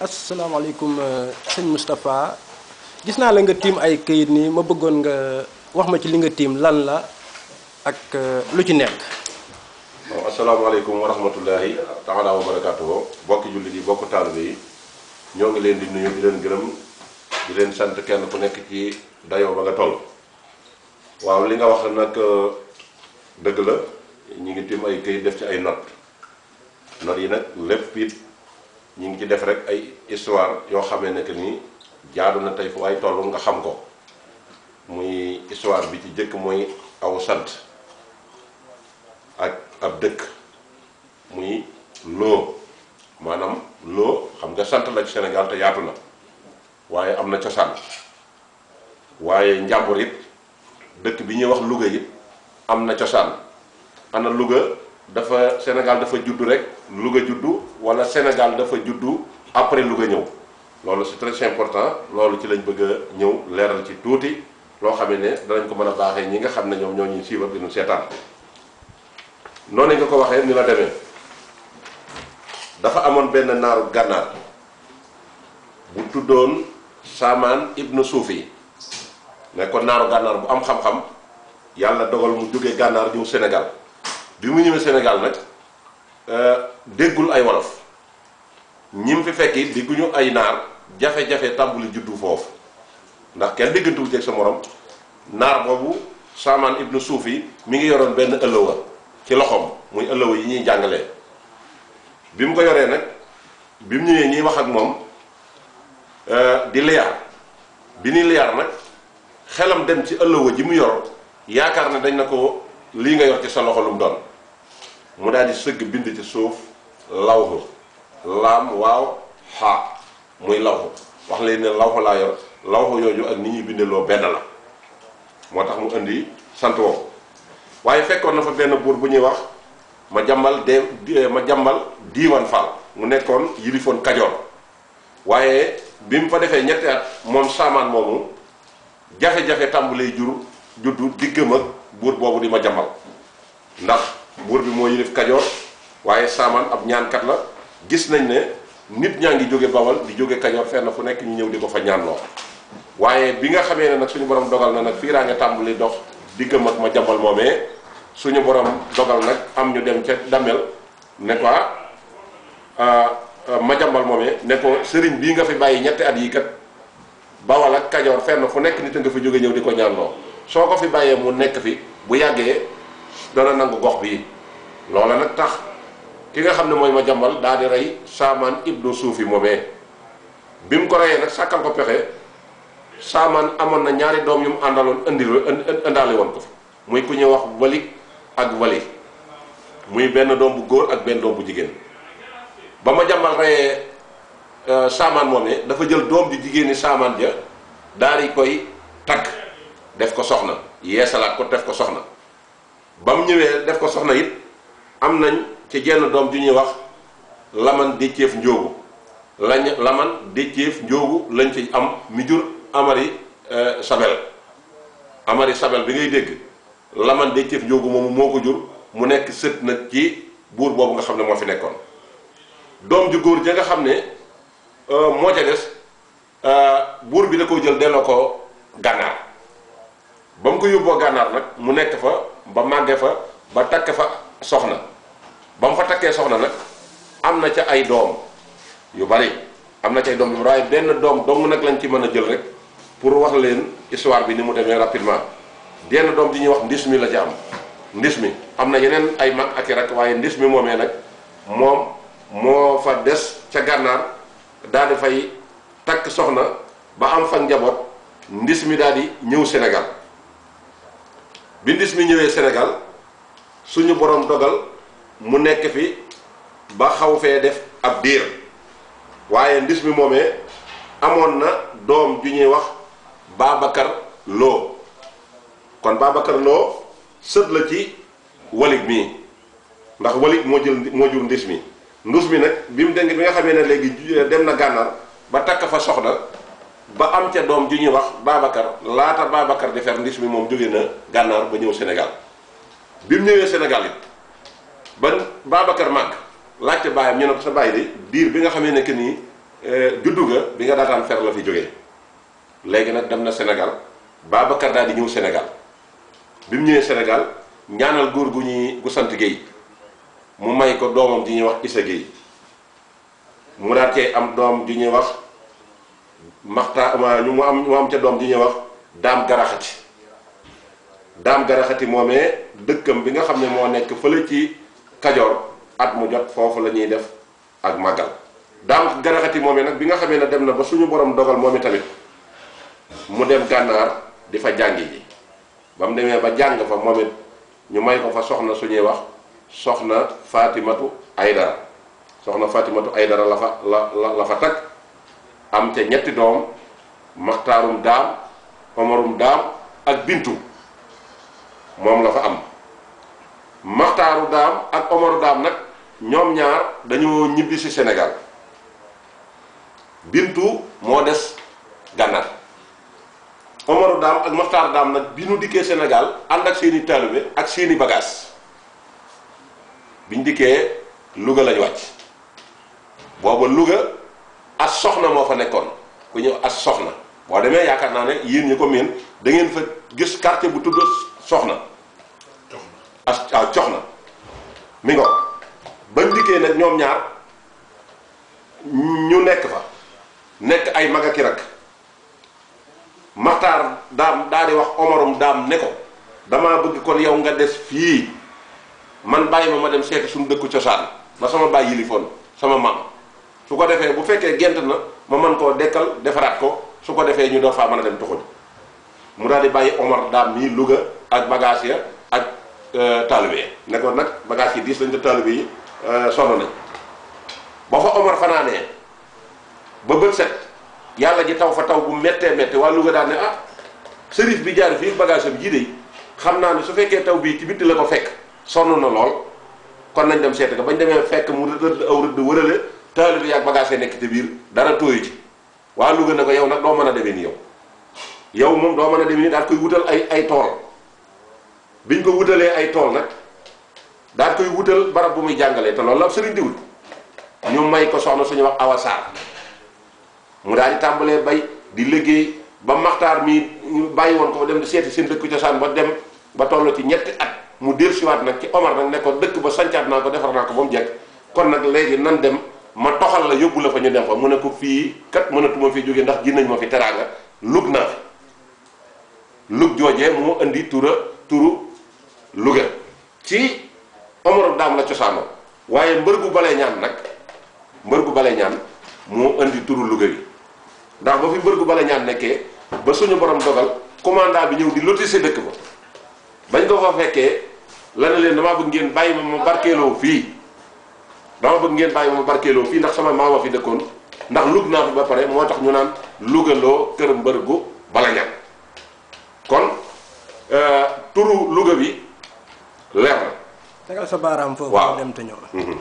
asalaamaaleykum euh, sëñ Moustapha gis naa la nga tiim ay këyit nii ma bëggoon nga wax ma ci li nga tiim lan la ak euh, lu ci nekk. waaw asalaamaaleykum wa rahmatullahi taala wa barakaatuhu bokki jullit yi bokk taalibe yi ñoo ngi leen di nuyu di leen gërëm di leen sant kenn ku nekk ci dayoo ba nga toll. waaw li nga wax nag euh, dëgg la ñu ngi tiim ay këyit def ci ay not not yi nag lépp it. ñu ngi ci def rek ay histoire yoo xamee ne que ni jaadu na tey foo ay toll nga xam ko muy histoire bi ci jëkk mooy aw sant ak ab dëkk muy loo maanaam loo xam nga sant la ci Sénégal te yaatu na waaye am na cosaan waaye njàmbur it dëkk bi ñuy wax Louga it am na cosaan ana Louga. dafa Sénégal dafa juddu rek Louga juddu wala Sénégal dafa juddu après Louga ñëw loolu c'est très important loolu ci lañ bëgg ñëw leeral ci tuuti loo xam ne danañ ko mën a baaxee ñi nga xam ne ñoom ñoo ñuy suivre di ñu seetaan noonu nga ko waxee ni la demee dafa amoon benn naaru gànnaar bu tuddoon Saamaan ibnu Suufi ne ko naaru gànnaar bu am xam-xam yàlla dogal mu jóge gànnaar ñëw Sénégal bi mu ñëwee Sénégal nag euh, déggul ay wolof ñim fi fekki digguñu ay naar jafe-jafe tàmbali juddu foofu ndax kenn diggantuwul ceeg sa morom naar boobu Saamaan ibnu Suufi mi ngi yoroon benn ëllëwa ci loxoom muy ëllëwa yi ñuy jàngalee bi mu ko yoree nag bi mu ñëwee ñuy wax ak moom euh, di liyaar bi ni liyaar nag xelam dem ci ëllëwa ji mu yor yaakaar na dañ na ko lii nga yor ci sa loxo lu doon mu daal di sëgg bind ci suuf lawhu laam waaw xaa muy lawhu wax leen ne lawhu laa yooyu ak ni ñuy bindeloo benn la moo tax mu indi sant woo waaye fekkoon na fa benn buur bu ñuy wax ma jàmbal de ma jàmbal diiwan faal mu nekkoon yilifoon kajoor waaye bi mu fa defee ñetti at moom saamaan moomu jafe-jafe tàmbalee jur juddu diggam ak buur boobu di ma jàmbal ndax buur bi moo yilif kajoor waaye saamaan ab ñaankat la gis nañ ne nit ñaa ngi jóge bawal di jóge kajoor fenn fu nekk ñu ñëw di ko fa ñaanloo waaye bi nga xamee ne nag suñu borom dogal na nag fii raa nga tàmbali dox diggam ak ma jambal suñu borom dogal nag am ñu dem ca damel ne ko ah, ah, ma jambal moomee sëriñ bii nga fi bàyyi ñetti at yi kajoor fenn fu nekk nit a nga fi jóge ñëw di ko ñaanloo soo ko fi bàyyee mu nekk fi bu yàggee dana nangu gox bii loola nag tax ki nga xam ne mooy ma jambal daa di rey saamaan ibnu suufi moomee bi mu ko reyee nag sàkkal ko pexe saamaan amoon na ñaari doom yu mu àndaloon indi indaale woon ko fi muy ku ñuy wax walik ak wali muy benn doom bu góor ak benn doom bu jigéen ba ma jambal reyee euh, saamaan moomee dafa jël doom ju jigéeni saamaan ja daal di koy takk def ko soxna yeesalaat ko def ko soxna ba mu ñëwee def ko soxna it am nañ ci jenn doom ju ñuy wax laman décceef njóogu lañ laman décceef njóogu lañ ci am mi jur amari euh, sabel amari sabel bi ngay dégg laman décceef njóogu moomu moo ko jur mu nekk sët nag ci buur boobu nga xam ne moo fi nekkoon doom ju góor ja nga xam ne euh, moo ca des euh, buur bi da ko jël delloo ko gànnaar ba mu ko yóbboo gànnaar nag mu nekk fa ba màgge fa ba takk fa soxna ba mu fa takkee soxna nag am na ca ay doom yu bari am na ca ay doom yu bari waaye benn doom dong nag lañ ci mën a jël rek pour wax leen histoire bi ni mu demee rapidement benn doom di ñuy wax ndis mi la ca am ndis mi am na yeneen ay mag ak i rak waaye ndis mi moomee nag moom moo fa des ca gànnaar daal di fay takk soxna ba am fa njaboot ndis mi daal di ñëw Sénégal bi ndis mi ñëwee Sénégal suñu boroom dogal mu nekk fi ba xaw fee def ab diir waaye ndis mi moomee amoon na doom ju ñuy wax Babacar Lo kon Babacar Lo sët la ci Walid mii ndax Walid moo jël moo jur ndis mi nduus mi nag bi mu dem bi nga xamee ne léegi eh, dem na gànnaar ba takk fa soxna ba am ca doom ju ñuy wax Babacar laata Babacar di fer ndis mi moom jóge na gànnaar ba ñëw senegal bi mu ñëwee senegal it ba Babacar màgg laajte baayam ñu ne ko sa baay de biir bi nga xamee ne que nii eh, juddu ga bi nga daataan fer la fi jóge léegi nag dem na Sénégal Babacar daal di ñëw Sénégal bi mu ñëwee senegal ñaanal góor gu ñuy gu sant Guèye mu may ko doomam ju ñuy wax Issa Guèye mu daal cee am doom ju ñuy wax. maxta ñu mu am mu am ca doom ji ñuy wax daam garaxati daam garaxati moomee dëkkam bi nga xam ne moo nekk fële ci kajoor at mu jot foofu la ñuy def ak màggal daam garaxati moomee nag bi nga xamee ne dem na ba suñu borom dogal moom tamit mu dem gànnaar di fa jàngi ji ba mu demee ba jàng fa moom ñu may ko fa soxna suñuy wax soxna faatimatu aydara soxna faatimatu aydara la fa la la la fa takk am ca ñetti doom maxtaarum daam omarum daam ak bintu moom la fa am maxtaaru daam ak omaru daam nag ñoom ñaar dañoo ñibbi si senegal bintu moo des gànnaar omoru daam ak maxtaaru daam nag bi ñu dikkee Sénégal ànd ak seeni taalibe ak seeni bagages biñ dikkee Louga lañ wàcc booba Louga as soxna moo fa nekkoon ku ñëw as soxna boo demee yaakaar naa ne yéen ñi ko miin da ngeen fa gis quartier bu tudd soxna as waaw ah, coxna mi ngo ba ndikkee nag ñoom ñaar ñu nekk fa nekk ay mag ak rak maxtaar daam daa di wax omarum daam ne ko damaa bëgg kon yow nga des fii man bàyyi ma ma dem seeti suñu dëkku cosaan na sama bàyyi yilifoon sama maam su ko defee bu fekkee gent na ma man koo dekkal defaraat ko su ko defee ñu doo faa mën a dem toxuñ mu daal di bàyyi Omar daam mii Louga ak bagage ya ak euh, taalibe ne ko nag bagage yi diis lañ te taalibe yi euh, sonn nañ ba fa Omar fanaanee ba bët set yàlla ji taw fa taw bu mettee méttee waa Louga daal ne ah sërif bi jaar fii bagage am ji de xam naa ni su fekkee taw bii ci bitti la ko fekk sonn na lool kon nañ dem seet ko bañ demee fekk mu rëdd aw rëdd taalibe yi ak bagage nekk te biir dara tooyu ci waa Louga na ko yow nag doo mën a demee nii yow yow moom doo man a demee nii daal koy wutal ay ay tool biñ ko wutalee ay tool nag daal koy wutal barab bu muy jàngalee te loolu la sëriñ diwul ñu may ko soxna suñu wax Awa Sarr mu daal di tàmbalee bay di liggéey ba maxtaar mi bàyyi woon ko dem di seeti seen dëkku cosaan ba dem ba toll ci ñetti at mu dellusiwaat nag ci Omar nag ne dëkk ba sancaat naa ko defar naa ko kon nag léegi nan dem ma toxal la yóbbu la fa ñu dem fa mu ne ko fii kat mënatuma fi jóge ndax ji nañ ma fi teraanga lug naa fi lug joojee moo indi tura turu Louga ci Omar daam la cosaanoo waaye mbër gu balee ñaan nag mbër gu balee ñaan moo indi turu Louga bi ndax ba fi mbër gu balee ñaan nekkee ba suñu borom dogal commandant bi ñëw di lotissé dëkk ba bañ ko fa fekkee la ne leen damaa bëgg ngeen bàyyi ma ma barkeeloo fii dama bëgg ngeen bàyyi ma barkeeloo fii ndax sama maama fi dëkkoon ndax lug naa fi ba pare moo tax ñu naan lugaloo kër mbër gu bala ñan kon euh, turu Louga bi leer na. tegal sa baaraam foofu. waaw dem te ñëw. Mhm.